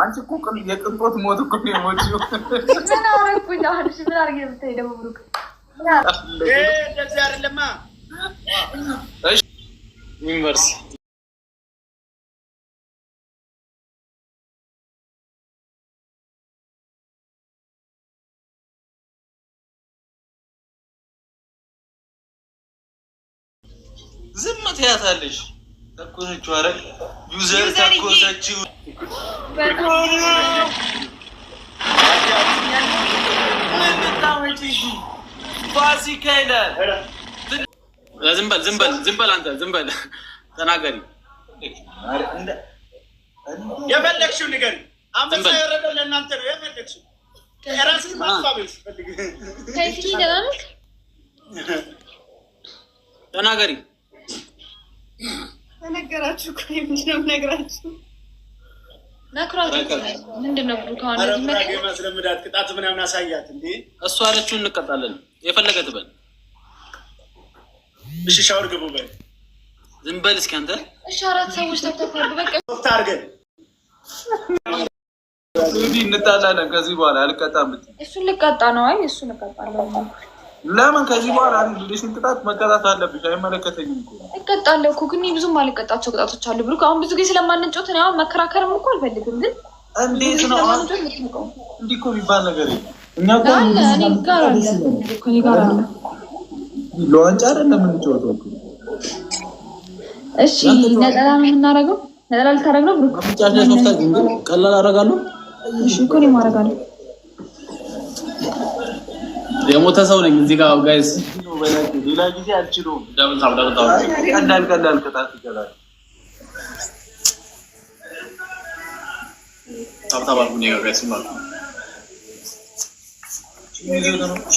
አንቺ እኮ የቅንጦት ሞት እኮ ነው የሞችው። ምን አረኩኝ? አሁን እሺ፣ ምን አድርጌ የምትሄደው? ብሩክ እንደዚህ አይደለማ። ዩኒቨርሲቲ ዝም ትያታለሽ ተኮሰችው። ኧረ ዩዘር ተኮሰችው። ዝም ተናገሪ። የፈለግሽው ንገሪ። አንበሳ የወረደው ለእናንተ ነው። የፈለግሽው ራስን ማፋቤት ተናገሪ በነገራችሁ እኮ ምንድን ነው የምነግራችሁ? ምንድን ነው ቅጣት ምናምን አሳያት እንዴ። እሱ አለችውን እንቀጣለን። የፈለገ ትበል። እሺ ሻወር ግቡ በል። ዝም በል እስኪ አንተ። እሺ አራት ሰዎች ተብተፋሉ። በቃ አድርገን እንጣላለን ከዚህ በኋላ አልቀጣም። እሱን ልቀጣ ነው። አይ እሱን ልቀጣ ነው። ለምን ከዚህ በኋላ አንድ ሽን ቅጣት መቀጣት አለብሽ? አይመለከተኝም እኮ እቀጣለሁ እኮ ግን ብዙም አልቀጣቸው ቅጣቶች አሉ ብሎ አሁን ብዙ ጊዜ ስለማንጫወት እኔ አሁን መከራከርም እኮ አልፈልግም። ግን እንዴት ነው እንዲህ እኮ የሚባል ነገር እኛ ጋር ለዋንጫ አይደለም የምንጫወተው። እሺ ነጠላ ነው የምናደርገው። ነጠላ ልታደርግ ነው ቀላል አደርጋለሁ እኮ እኔም አደርጋለሁ የሞተ ሰው ነኝ እዚህ ጋር ጋይስ። ሌላ ጊዜ አልችለውም። ቀላል ቀላል ቅጣት ይገባል።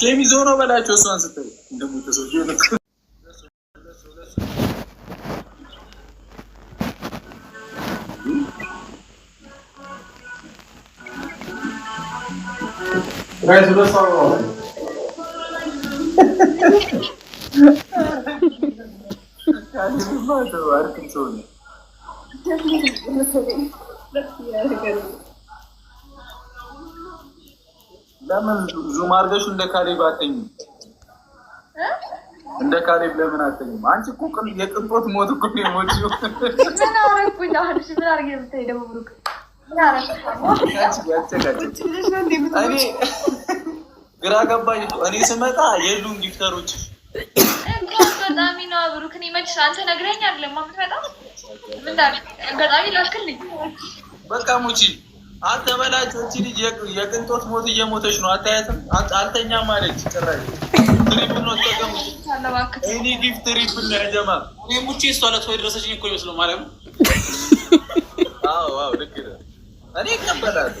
ሸሚዝ ሆኖ በላቸው እሷን ስትል ሁለት ሰው ለምን ዙም አድርገሽ እንደ ካሌብ አተኝም? እንደ ካሌብ ለምን አተኝም? አንቺ እኮ የቅንጦት ሞት እኮ ሞት ምን ግራ ገባኝ። እኔ ስመጣ የሉም ጊፍተሮች አጋጣሚ ነው። ብሩክ እኔ መች አንተ ነግረኛል የማትመጣው አጋጣሚ ላክልኝ። በቃ ሙቺ አትበላጭ። እቺ ልጅ የቅንጦት ሞት እየሞተች ነው። አታያትም? አልተኛ አለች ጭራሽ። ትሪፕ ነው ተጠቀሙ። እኔ ጊፍት ትሪፕ ነው ያጀማ። እኔ ሙቺ እሷ ለት ወይ ድረሰች እኮ ይመስለው ነው። አዎ አዎ ልክ ነህ። እኔ እቀበላለሁ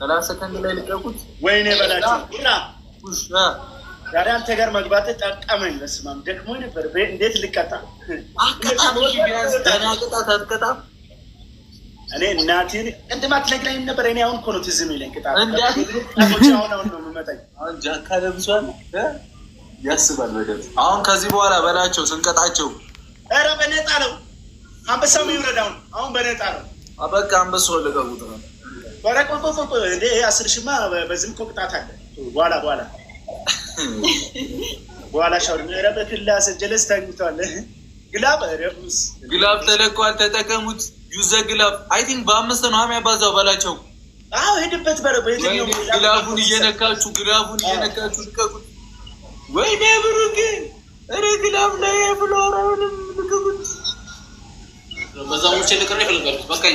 ሰላሳ ሰከንድ ላይ ልቀቁት። ወይኔ በላቸው ቡና ዛሬ አንተ ጋር መግባት ጠቀመኝ። በስመ አብ ደክሞኝ ነበር። እንዴት ልቀጣ? እኔ እናቴን ቅድም አትነግረኝም ነበር? እኔ አሁን እኮ ነው ትዝ የሚለኝ ቅጣት። ያስባል በደምብ። አሁን ከዚህ በኋላ በላቸው ስንቀጣቸው፣ ኧረ በነጣ ነው አንበሳው ይውረድ። አሁን አሁን በነጣ ነው። በቃ አንበሳውን ልቀቁት። ኧረ ቆይ ቆይ ቆይ እንደ ይሄ አስር በዚህም እኮ ቅጣት አለ። በኋላ በኋላ በኋላ ሻወር ኧረ በክላስ ጀለስ ተኝቷል። ግላብ ረስ ግላብ ተለቋል። ተጠቀሙት። ዩዘ ግላብ አይ ቲንክ በአምስት ነው አሚ ያባዛው በላቸው። አዎ ሄድበት በረ ግላቡን እየነካችሁ ግላቡን እየነካችሁ ልቀቁት። ወይ ብሩክ ኧረ ግላብ ላይ ብሎ አራውንም ልቀቁት። በዛ ሙቼ ልቅሬ ይፈልጋል በቃኝ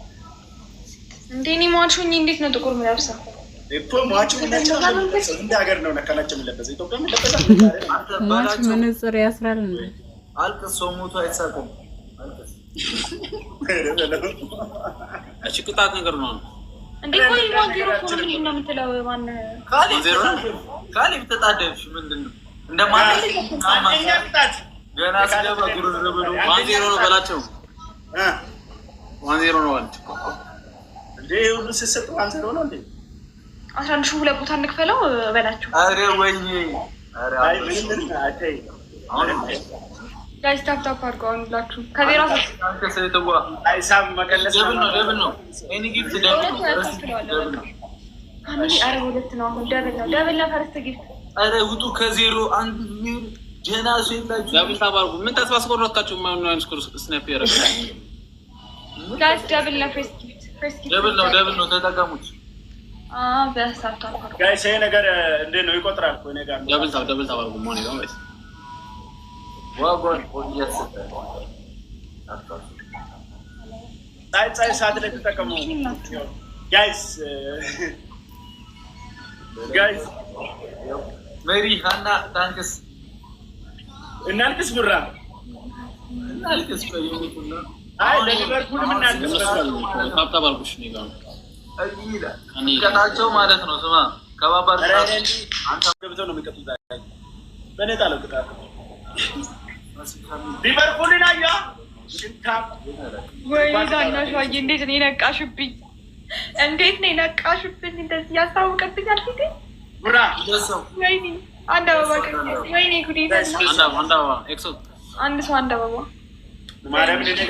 እንዴ እኔ ሟች ሆኜ እንዴት ነው ጥቁር የምለብሰው? እኮ ሟች እንደ ሀገር ነው ነከላቸው የምለበሰው። ኢትዮጵያ የምለበሰው መነጽር ያስራል። እንደ አልቅ ሰው ሞቶ አይሳቁም። እሺ ቅጣት ነገር ነው እንዴ? ቆይ ማገሩ እኮ ምንድን ነው የምትለው? ማነህ ካሌብ ተጣደብሽ ምንድን ነው እንደማለት ገና ስገባ ጉርር ብሎ ዋን ዜሮ ነው በላቸው። ዋን ዜሮ ነው አለች እንዴ ሁሉ አንተ ነው ነው እንዴ አስራ አንድ ሁለት ቦታ እንክፈለው በላችሁ። አረ ወይ ደብል ምን ተስፋ ስናፕ ጋይስ? ደብል ደብል ነው፣ ደብል ነው። ተጠቀሙት ጋይስ። ይሄ ነገር እንዴት ነው ይቆጥራል? ደብል ታው ደብል ታው አድርጉ መሆን ነው ጋይስ። ፀሐይ ፀሐይ ሰዓት ላይ ተጠቀሙ ጋይስ። ጋይስ ሜሪ ሀና ታንክስ እናልቅስ ብራ እናልቅስ ቀጣቸው ማለት ነው። ስማ ከባባር ገብተው ነው የሚቀጥሉት። ሊቨርፑልን አያ ወይ እንዴት ነው የነቃሽብኝ? እንዴት ነው የነቃሽብኝ? እንደዚህ ያስታውቅብኛል ፊቴ ወይኔ አንድ አበባ አንድ ሰው አንድ አበባ እንደዚህ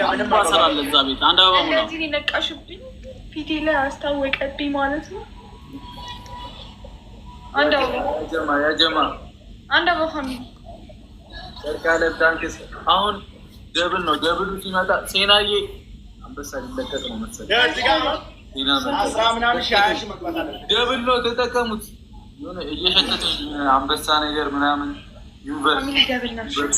ነቃሽብኝ፣ ፊቴ ላይ አስታወቀብኝ ማለት ነው። አንድ አሁን ደብል ነው። ደብሉ ሲመጣ ሴናዬ አንበሳ ሊለቀቅ ነው መሰለኝ። ደብል ነው ተጠቀሙት። የሆነ እየሸተተኝ አንበሳ ነገር ምናምን ዩኒቨርስ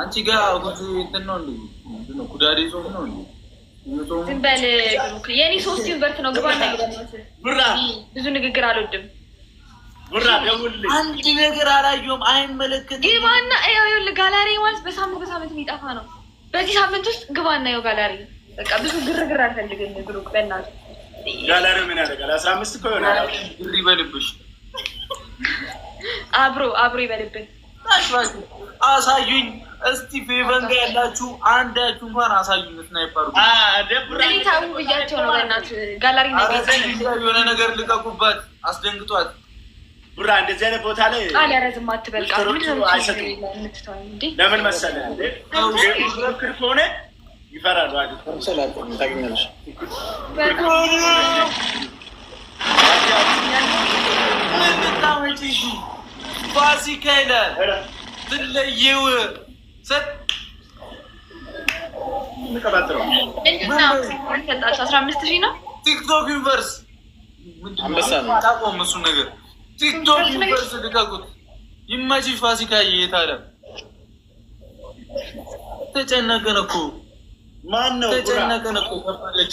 አንቺ ጋር እንትን ነው እንዴ? ነው እንዴ? ዝም በል ሶስት ነው። ግባ ብዙ ንግግር አልወድም። ቡራ ደውልልኝ። አንድ ነገር አላየሁም። አይመለከት ግባና ይኸውልህ፣ ጋላሪ ማለት በሳምንት በሳምንት የሚጠፋ ነው። በዚህ ሳምንት ውስጥ ግባና ይኸው ጋላሪ። በቃ ብዙ ግርግር አልፈልግም። ብሩክ በእናትህ ጋላሪ ምን ያደርጋል? አስራ አምስት እኮ ይሆናል። ግር ይበልብሽ፣ አብሮ አብሮ ይበልብን አሳዩኝ እስቲ ፌቨን ጋር ያላችሁ አንዳችሁ እንኳን አሳዩኝ። ስናይፐሩ ደብራታው ብያቸው ነው። በእናት ጋላሪ የሆነ ነገር ልቀቁባት፣ አስደንግጧት። ቡራ እንደዚህ አይነት ቦታ ላይ አልያረዝም አትበልቃ ለምን መሰለህ ክር ከሆነ ይፈራሉ። ባዚ ከይነ ትለየው ሰጥ ቲክቶክ ዩኒቨርስ ታቆም ነገር ቲክቶክ ዩኒቨርስ ልቀቁት። ይመችሽ ፋሲካዬ። የት አለ ተጨነቀን እኮ ማነው ተጨነቀን እኮ ከፈለች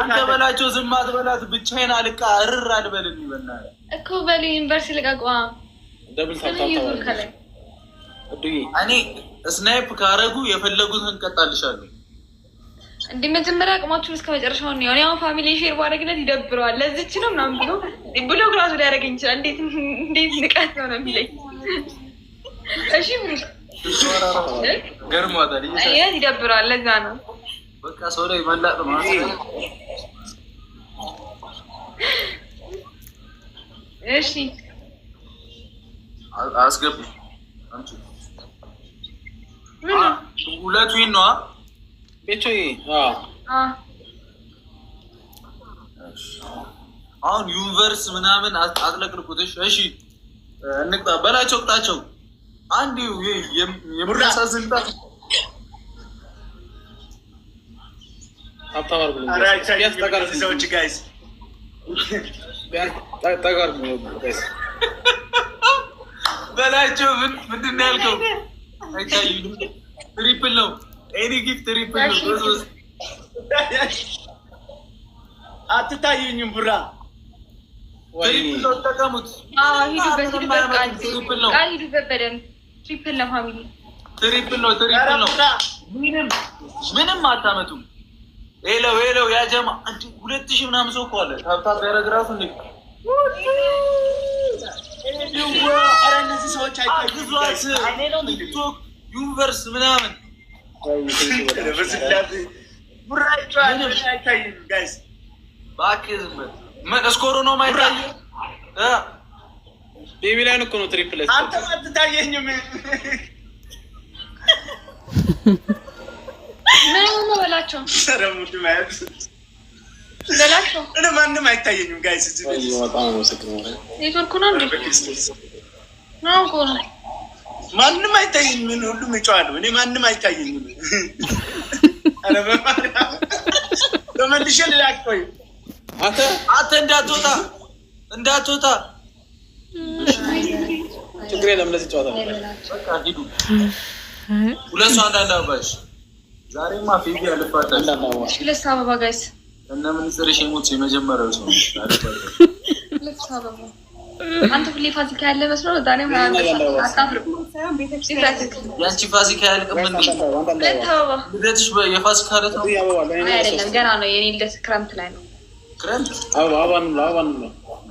አንተ በላቸው ዝም አትበላት። ብቻዬን አልቃ እርር አልበልም ይበላ እኮ በል ዩኒቨርሲቲ ልቀቋ እኔ ስናይፕ ካረጉ የፈለጉት እንቀጣልሻለሁ። እንዲ መጀመሪያ አቅማችሁን እስከ መጨረሻው ነው። እኔ ፋሚሊ ሼር ባደረግነት ይደብረዋል። ለዚች ነው ምናምን ብሎ ብሎ ግራሱ ሊያደርገኝ ይችላል። እንዴት እንዴት ንቀት ነው ነው የሚለኝ። እሺ ገርሟታል፣ ይደብረዋል። ለዛ ነው በቃ ሰው ላይ መላጥ ማለት ነው። እሺ አስገብ አንቺ ሁለቱ ይነዋ ቤቾ አሁን ዩኒቨርስ ምናምን አጥለቅልቁትሽ። እሺ እንቅጣ በላቸው ቅጣቸው። አንድ የምታሳዝንጣ በላቸው ምንድን ትሪፕል ነው ኤኒ ጊፍት ትሪፕል ነው። አትታዩኝም ብራ ትሪፕል ነው። ምንም ምንም አታመጡም። ሄለው ሄለው ያጀማ ሁለት ሺህ ምናምን ሰው እኮ አለ። ታብታብ ያደረግ ራሱ እንዴ እነዚህ ሰዎች ቲክቶክ ዩኒቨርስ ምናምን ነው ማይታየ ቤቢላይን እኮ ነው ትሪፕለት አንተ አትታየኝም ምን ሆኖ በላቸው በላቸው። እኔ ማንም አይታየኝም። ጋይስ ኔትወርኩ ነው እንዴ? ነው እኮ ነው። ማንም አይታየኝም። ምን ሁሉም እጫዋለሁ። እኔ ማንም አይታየኝም። ተመልሼ ሌላ ቆይ፣ አንተ እንዳትወጣ እንዳትወጣ። ችግር የለም። ለዚህ ጨዋታ ሁለት ሰው አንዳንድ አባሽ ዛሬማ ፌቪ ያለባታል። ልብስ አበባ ጋይስ እና ምን ጽርሽ ሞት የመጀመሪያው ሰው ልብስ አበባ አንተ ሁሌ ፋሲካ ያለ መስሎ ዛሬ ያንቺ ፋሲካ ያልቅም ልደትሽ የፋሲካ ዕለት ነው አይደለም? ገና ነው። የኔ ልደት ክረምት ላይ ነው።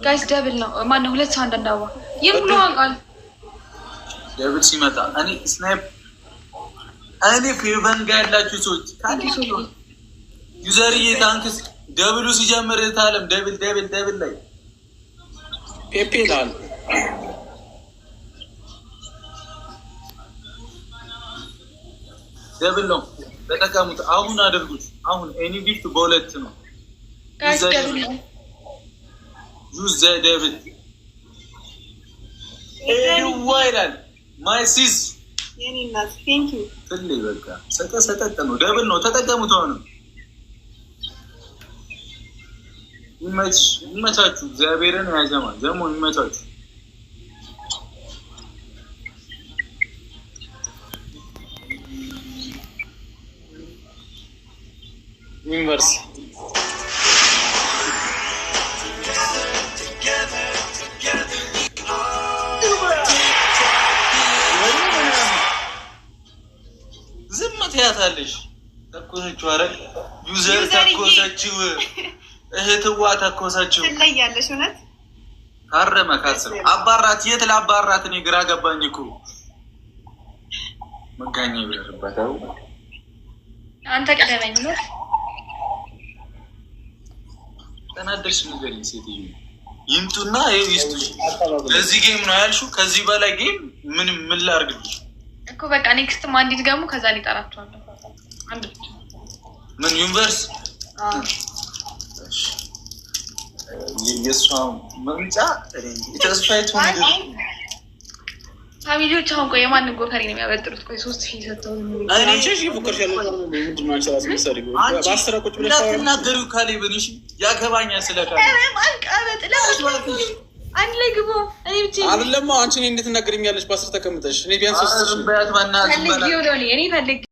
ጋይስ ደብል ነው። ማነው ሁለት ሰው አንዳንድ አበባ የምለዋል ደብል ሲመጣ እኔ ስናይፕ እኔ ፌቨን ጋር ያላችሁ ሰዎች ዩዘርዬ ታንክስ ደብሉ ሲጀምር ታለም ደብል ደብል ደብል ላይ ፔፔ ይላል። ደብል ነው ተጠቀሙት። አሁን አድርጉት። አሁን ኤኒ ጊፍት በሁለት ነው። ዩዝ ዘ ደብል ኤዋ ይላል ማይ ሲስ ትልይ በቃ ሰጠ ሰጠጥ ነው። ደብል ነው። ተጠቀሙት። ሆነ ይመቻችሁ። እግዚአብሔርን ያዘማል። ደግሞ ይመቻችሁ። ዩኒቨርሲቲ ዩዘር ተኮሰችው፣ እህትዋ ታኮሳችው ትለያለች። እውነት ካረመ ካስብ አባራት የት ለአባራት እኔ ግራ ገባኝ እኮ መጋኘ ይብረርበታው አንተ ቀደመኝ ነው ተናደርሽ ነገር ሴትዮ ይምጡና ይስጡ። እዚህ ጌም ነው ያልሽው። ከዚህ በላይ ጌም ምን ምን ላርግልሽ እኮ በቃ ኔክስትም አንዲት ገሙ ከዛ ሊጠራቸዋለ አንድ ብቻ ምን ዩኒቨርስ የእሷ መምጫ ተስፋይቱ ፋሚሊዎች አሁን ቆይ የማንን ጎፈሬ ነው የሚያበጥሩት? ቆይ ሶስት ሺህ ሰጥተው ካሌብን እሺ፣ ያገባኛ ስለ አንድ ላይ ግቡ። እኔ ብቻ አይደለም አንቺ እኔ እንድትናገር የሚያለሽ በአስር ተቀምጠሽ እኔ ቢያንስ ሶስት ሺህ በያት ማናት እኔ ፈልግ